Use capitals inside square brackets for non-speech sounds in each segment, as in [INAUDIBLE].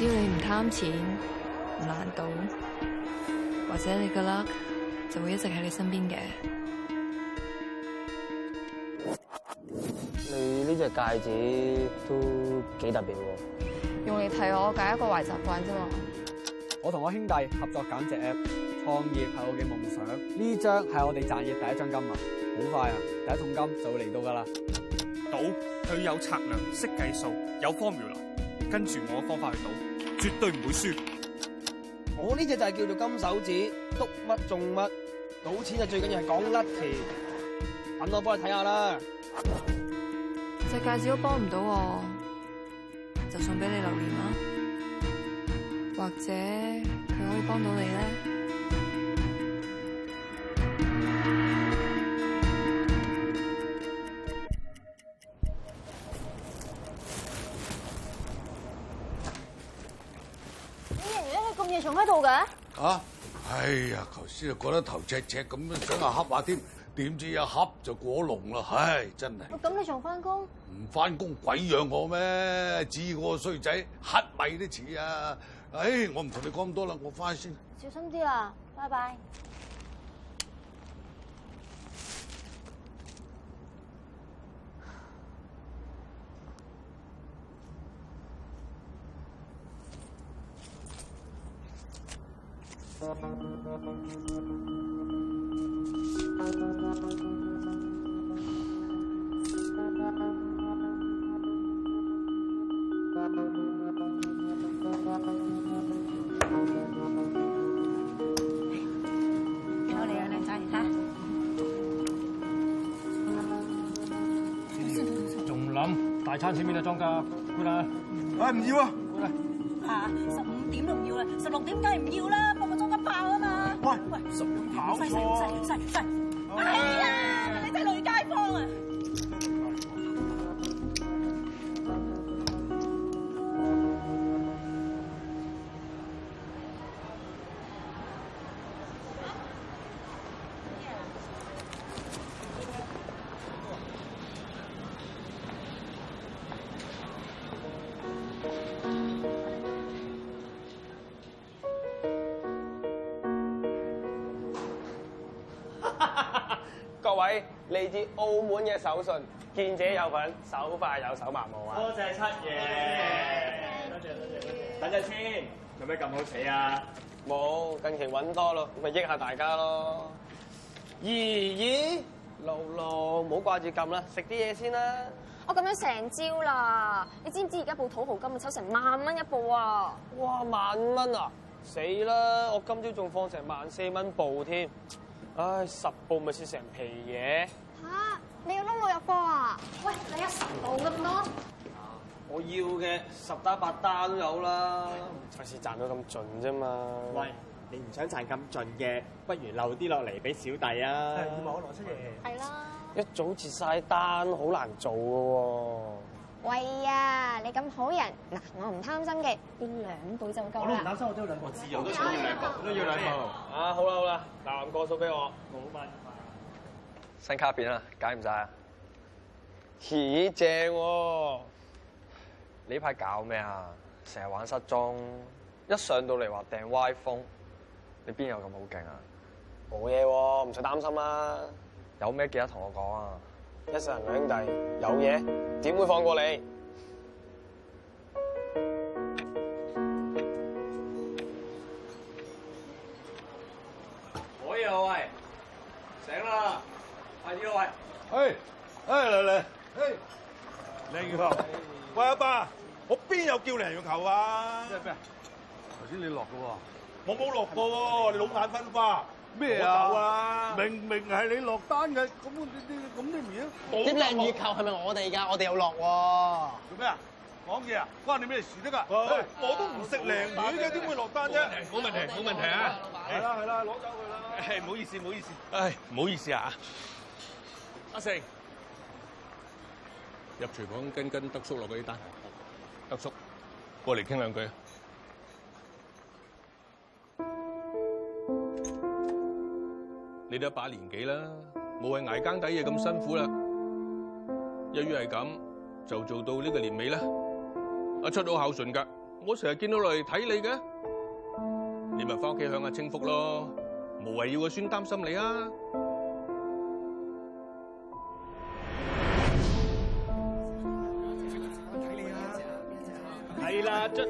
只要你唔貪錢唔爛賭，或者你嘅 luck 就會一直喺你身邊嘅。你呢隻戒指都幾特別喎，用嚟替我戒一個壞習慣啫嘛。我同我兄弟合作減脂 app，創業係我嘅夢想。呢張係我哋賺嘅第一張金啊，好快啊！第一桶金就會嚟到噶啦。賭，佢有策略，識計數，有 formula，跟住我嘅方法去賭。絕對唔會輸，我呢隻就係叫做金手指，篤乜中乜，賭錢就最緊要係講 luckier，等我幫你睇下啦，隻戒指都幫唔到我，就送俾你留念啦，或者佢可以幫到你咧。仲喺度嘅？吓、啊！哎呀，頭先又覺得頭赤赤咁樣，想下，想話瞌下添，點知一瞌就過龍啦！唉，真係。咁你仲翻工？唔翻工鬼養我咩？至我個衰仔，乞米都似啊！唉、哎，我唔同你講咁多啦，我翻先。小心啲啊，拜拜。餐是哎，好，你啊靚仔吓，仲諗大餐前面嘅莊家？過嚟！哎，唔要啊，過嚟娘！吓、啊，十五點都唔要啦，十六點梗係唔要啦。喂，十秒跑細細細細，細。哎呀，哎呀你真係累街坊啊！澳門嘅手信，見者有份，嗯、手快有，手慢冇啊！多謝七爺，多謝多謝。等陣先，有咩咁好死啊？冇近期揾多咯，咁咪益下大家咯。姨姨露露，唔好掛住撳啦，食啲嘢先啦。我咁樣成朝啦，你知唔知而家部土豪金啊？抽成萬蚊一部啊！哇！萬蚊啊！死啦！我今朝仲放成萬四蚊部添，唉，十部咪蝕成皮嘢。吓、啊！你要撈我入貨啊？喂，你有十倍咁多？啊，我要嘅十打八單都有啦，費事賺到咁盡啫嘛。喂，你唔想賺咁盡嘅，不如漏啲落嚟俾小弟啊。要唔好攞出嚟？係啦。一早接晒單，好難做嘅、啊、喎。喂啊！你咁好人，嗱，我唔貪心嘅，要兩倍就夠啦。我唔貪心，我，有兩自我都兩 okay, 我要兩倍，資源都搶完兩倍。都要兩倍啊！好啦好啦，嗱，拿個數俾我。我好快。新卡片啊，解唔晒啊，你搞咩？咦，正喎！呢排搞咩啊？成日玩失蹤，一上到嚟話訂 WiFi，你邊有咁好勁啊？冇嘢喎，唔使擔心啦、啊。有咩記得同我講啊！一世人兩兄弟，有嘢點會放過你？可以啊，喂，醒啦！喂，二位，哎，哎嚟嚟，哎，鯪魚球，喂，阿爸，我邊有叫鯪魚球啊？即係咩？頭先你落嘅喎，我冇落過喎，你老眼昏花咩啊？明明係你落單嘅，咁你你咁你唔啊？啲鯪魚球係咪我哋噶？我哋又落喎。做咩啊？講嘢啊？關你咩事得㗎，我都唔食鯪魚嘅，點會落單啫？冇問題，冇問題啊！係啦，係啦，攞走佢啦。係唔好意思，唔好意思，唉，唔好意思啊。阿成，入廚房跟跟德叔落嗰啲單。德叔，過嚟傾兩句。 [MUSIC] 你都一把年紀啦，冇謂捱更抵嘢咁辛苦啦。一於係咁，就做到呢個年尾啦。阿、啊、七都好孝順㗎，我成日見到落嚟睇你嘅，你咪返屋企享下清福咯，冇謂要個孫擔心你啊。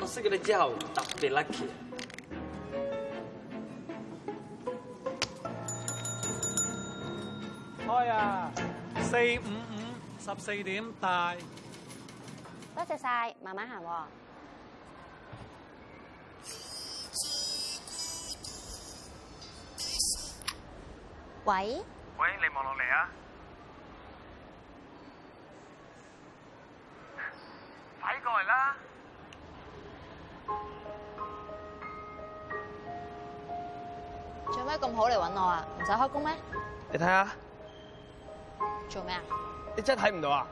我識得叫，你之後特別叻嘅。開啊，四五五十四點大。多謝晒，慢慢行喎。喂？喂，你望落嚟啊！唔使開工咩？你睇下做咩啊？你真睇唔到啊？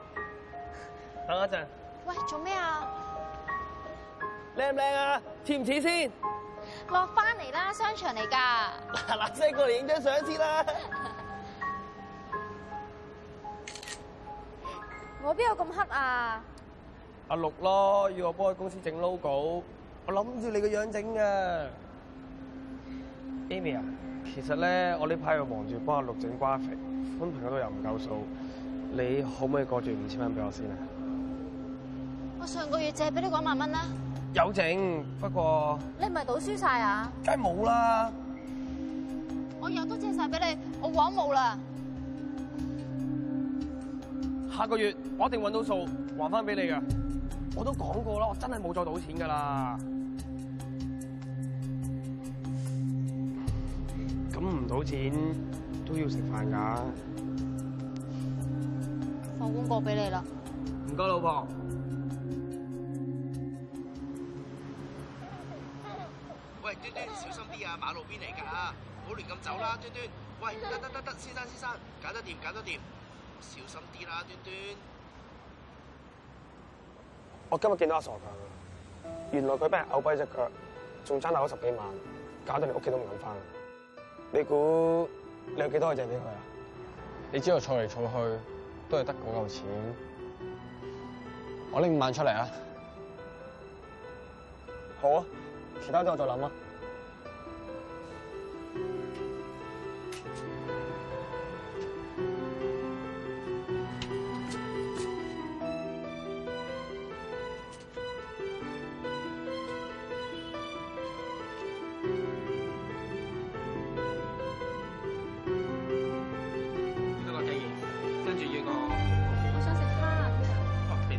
等一陣。喂，做咩啊？靚唔靚啊？似唔似先？落翻嚟啦，商場嚟噶。嗱嗱聲過嚟影張相先啦。 [LAUGHS] 我邊有咁黑啊？阿六咯，要我幫佢公司整 logo，我諗住你個樣整嘅。Amy 啊。其實咧，我呢排又忙住幫阿陸整瓜肥，款朋友都又唔夠數，你可唔可以過住五千蚊俾我先啊？我上個月借俾你嗰萬蚊啦，有整不過。你唔係賭輸晒啊？梗係冇啦，我又都借晒俾你，我話冇啦。下個月我一定揾到數還翻俾你㗎！我都講過啦，我真係冇再賭錢㗎啦。咁唔到錢都要食飯噶，放廣告俾你啦。唔該，老婆。喂，端端小心啲啊！馬路邊嚟噶，唔好亂咁走啦，端端。喂，得得得得，先生先生，搞得掂，搞得掂，小心啲啦，端端。我今日見到阿傻噶，原來佢俾人嘔跛隻腳，仲爭大咗十幾萬，搞到你屋企都唔敢返。你估你有幾多借俾佢啊？你知道我儲嚟儲去都係得嗰嚿錢，我拎五萬出嚟啊！好啊，其他的我再諗想啊。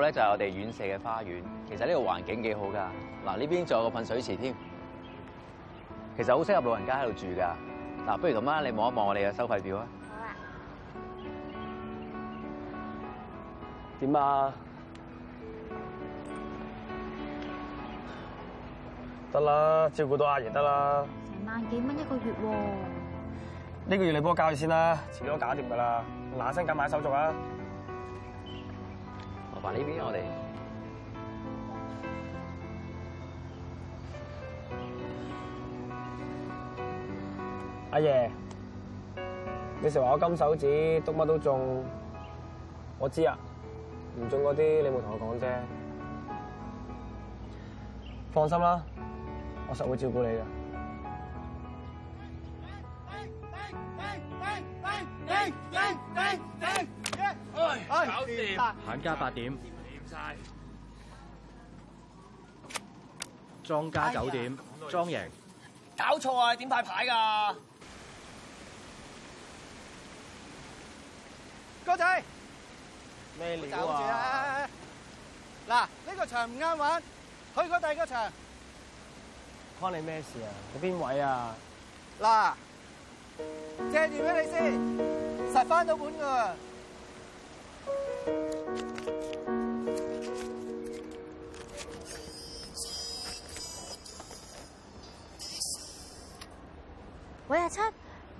咧，就係我哋院舍嘅花園，其實呢個環境幾好噶。嗱，呢邊仲有個噴水池添，其實好適合老人家喺度住噶。嗱，不如咁啦，你望一望我哋嘅收費表啊。好啊樣。點啊？得啦，照顧到阿爺得啦。成萬幾蚊一個月喎。呢個月你幫我交咗先啦，遲咗我搞掂噶啦。嗱，新緊買手續啊。呢邊我哋，阿爺，你成日話我金手指，篤乜都中，我知啊，唔中嗰啲你冇同我講啫。放心啦，我實會照顧你嘅。閒家八點，莊家九點，莊贏，哎。搞錯啊！點派牌噶？哥仔，咩料啊？嗱，呢個場唔啱玩，去過第二個場。關你咩事你哪啊？你邊位啊？嗱，借住俾你先，實翻到本噶。喂阿七，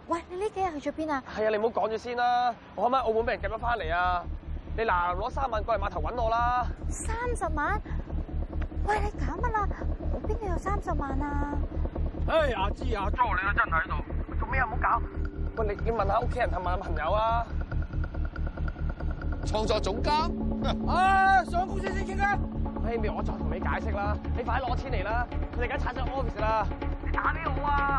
喂你呢幾日去咗邊啊？係啊，你唔好講住先啦，我可唔可以澳門俾人夾咗翻嚟啊？你嗱攞三萬過嚟碼頭搵我啦！三十萬？喂你搞乜啦？我邊度有三十萬啊？哎呀，知阿 jo 你都真係喺度，做咩唔好搞？喂你你問下屋企人同問下朋友啊！創作總監，啊上公司先傾啦！Amy 我再同你解釋啦，你快啲攞錢嚟啦！佢哋而家踩上 office 啦，你打咩好啊？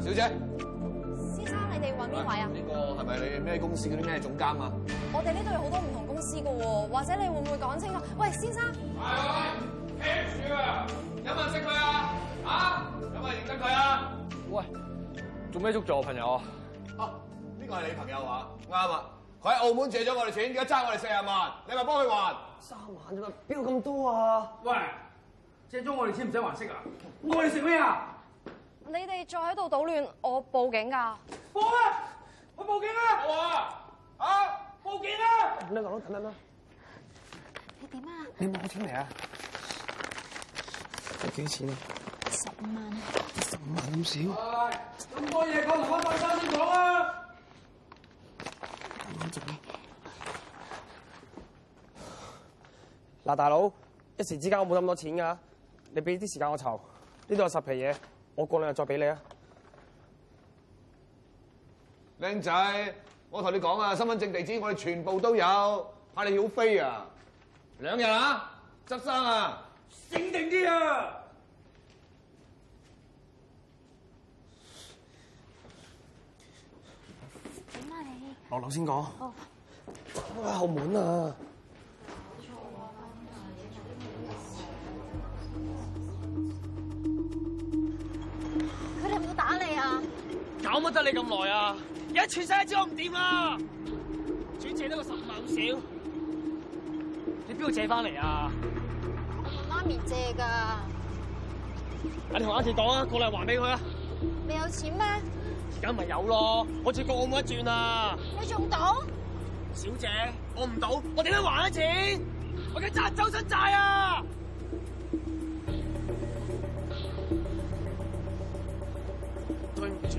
小姐，先生，你哋揾邊位啊？呢個係咪你咩公司嗰啲咩總監啊？我哋呢度有好多唔同公司噶喎，或者你會唔會講清楚？喂，先生。係喂,企住啊，有冇人識佢啊？啊，有冇人認得佢啊？喂，做咩捉住我朋友啊？啊，呢個係你朋友啊？啱啊，佢喺澳門借咗我哋錢，而家爭我哋四十萬，你咪幫佢還。三萬啫嘛，邊度咁多啊？喂，借咗我哋錢唔使還息啊？我哋食咩啊？你哋再喺度搗亂，我報警噶、啊！報啦，去報警啦！我啊，我啊，我啊，啊，報警啦、啊！唔使講等等啦。你點啊，啊？你冇錢嚟啊？要幾錢啊？十五萬。十五萬咁少？咁多嘢，我留翻第先講啊。我做咩？嗱、啊，大佬，一時之間我冇咁多錢噶，你俾啲時間我籌。呢度有十皮嘢。我過兩日再俾你啊，靚仔，我同你講啊，身份證地址我哋全部都有，怕你要飛啊，兩日啊，執生啊，醒定啲啊，點啊，落樓先講。好，後門啊。搞乜得你咁耐啊？而家全世界知我唔掂啊！轉借得個十萬少，你邊度借翻嚟啊？我同媽咪借噶，你同阿姐講啊，過嚟還俾佢啊。未有錢咩？而家咪有咯，我轉過澳門一轉啊。你仲賭？小姐，我唔賭，我點樣還啲錢？我驚賺周身債啊！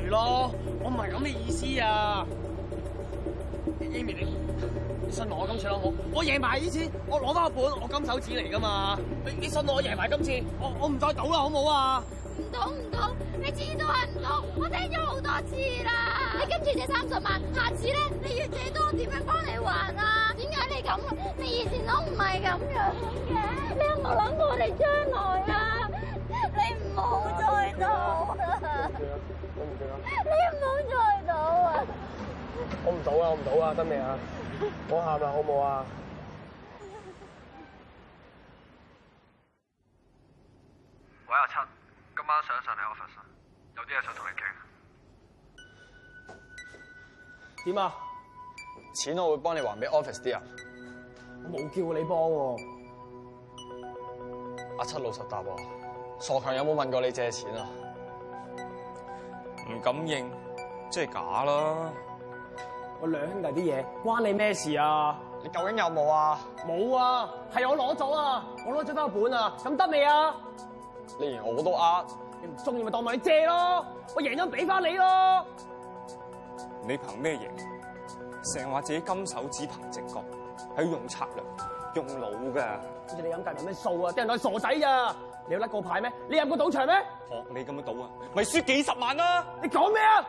咯，我唔係咁嘅意思啊，Amy，你信我今次好，好，我我贏埋呢次，我攞翻個本，我金手指嚟噶嘛，你你信我贏埋今次，我我唔再賭啦，好唔好啊？唔賭唔賭，你知都係唔賭，我聽咗好多次啦。你今次借三十萬，下次咧你要借多，點樣幫你還啊？點解你咁？你以前都唔係咁樣嘅。你有冇諗過我哋將來啊？你唔好再賭。 [LAUGHS] 你唔好再賭啊！我唔賭啊，我唔賭啊，得未啊？唔好喊啦，好唔好啊？喂，阿七，今晚想唔想上嚟我 office？有啲嘢想同你傾。點啊？錢我會幫你還俾 office 啲啊？我冇叫你幫我！阿七老實答我！傻強有冇問過你借錢啊？唔敢認，即係假啦！我兩兄弟啲嘢關你咩事啊？你究竟有冇啊？冇啊，係我攞咗啊！我攞咗翻個本啊！咁得未啊？你連我都呃，你唔中意咪當埋你借咯！我贏咗俾翻你咯！你憑咩贏？成日話自己金手指憑直覺，係用策略，用腦噶！你咁計點樣數啊？啲人當傻仔啊！你甩過牌咩？你入過賭場咩？學你咁樣賭啊？咪輸幾十萬啊，你講咩啊？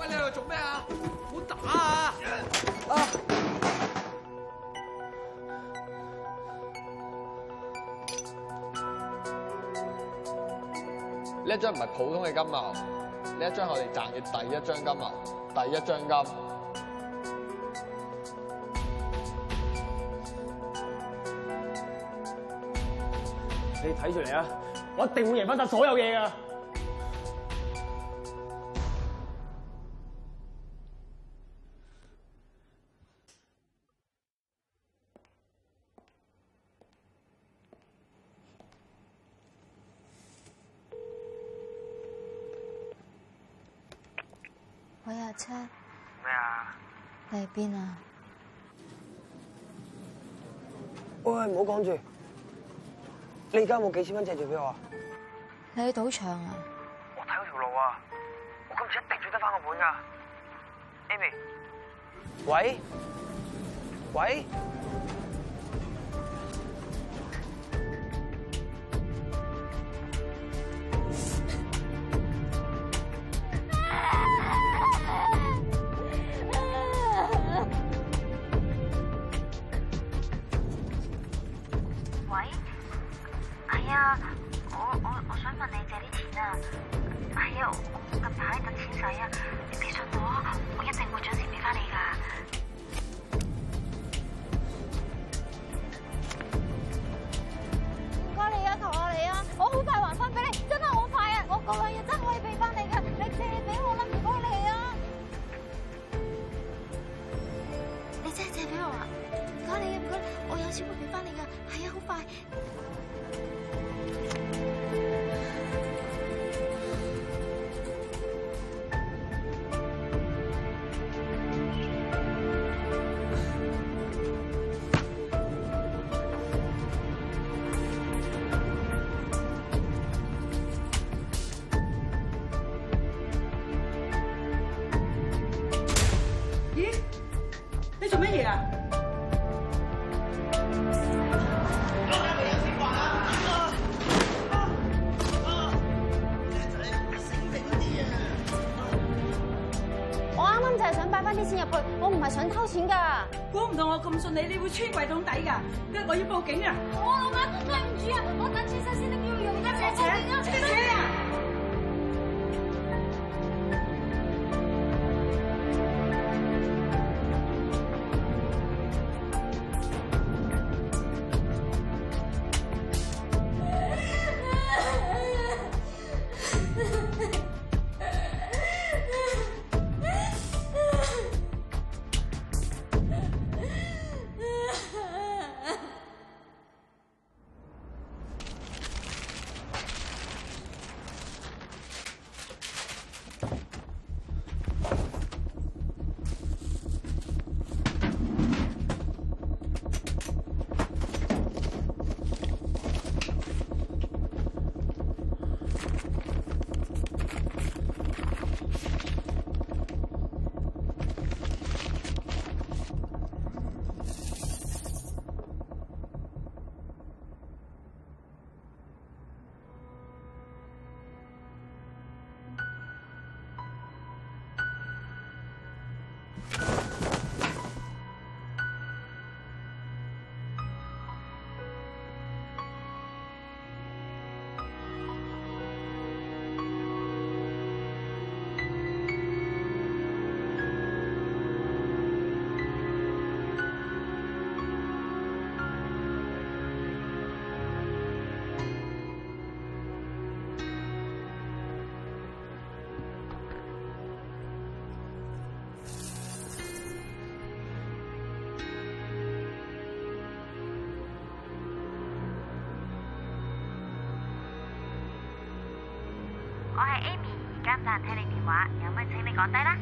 喂，你嚟做咩啊？咪打啊！呢、啊、一張唔係普通嘅金牛，呢一張係我哋賺嘅第一張金牛，第一張金。你睇住嚟啊！我一定會贏翻晒所有嘢噶！我阿七，咩啊？車咩，你喺邊啊？喂，唔好講住。你而家有冇幾千蚊借住俾我啊！你去賭場啊？我睇嗰條路啊！我今次一定追得翻個本㗎，Amy。喂？喂？我我我想問你借啲錢啊！係啊，我近排等錢使啊！你信我啊，我一定會準時俾翻你噶。唔該你啊，求下你啊，我好快還翻俾你，真係好快啊！我過兩日真可以俾翻你噶，你借俾我啦！唔該你啊，你真係借俾我啊？唔該你啊，唔該，我有錢會俾翻你噶，係啊，好快。你你會穿櫃桶底㗎，跟住我要報警啊！我、哦、老闆對唔住啊！得唔得？聽你電話，有咩請你講低啦。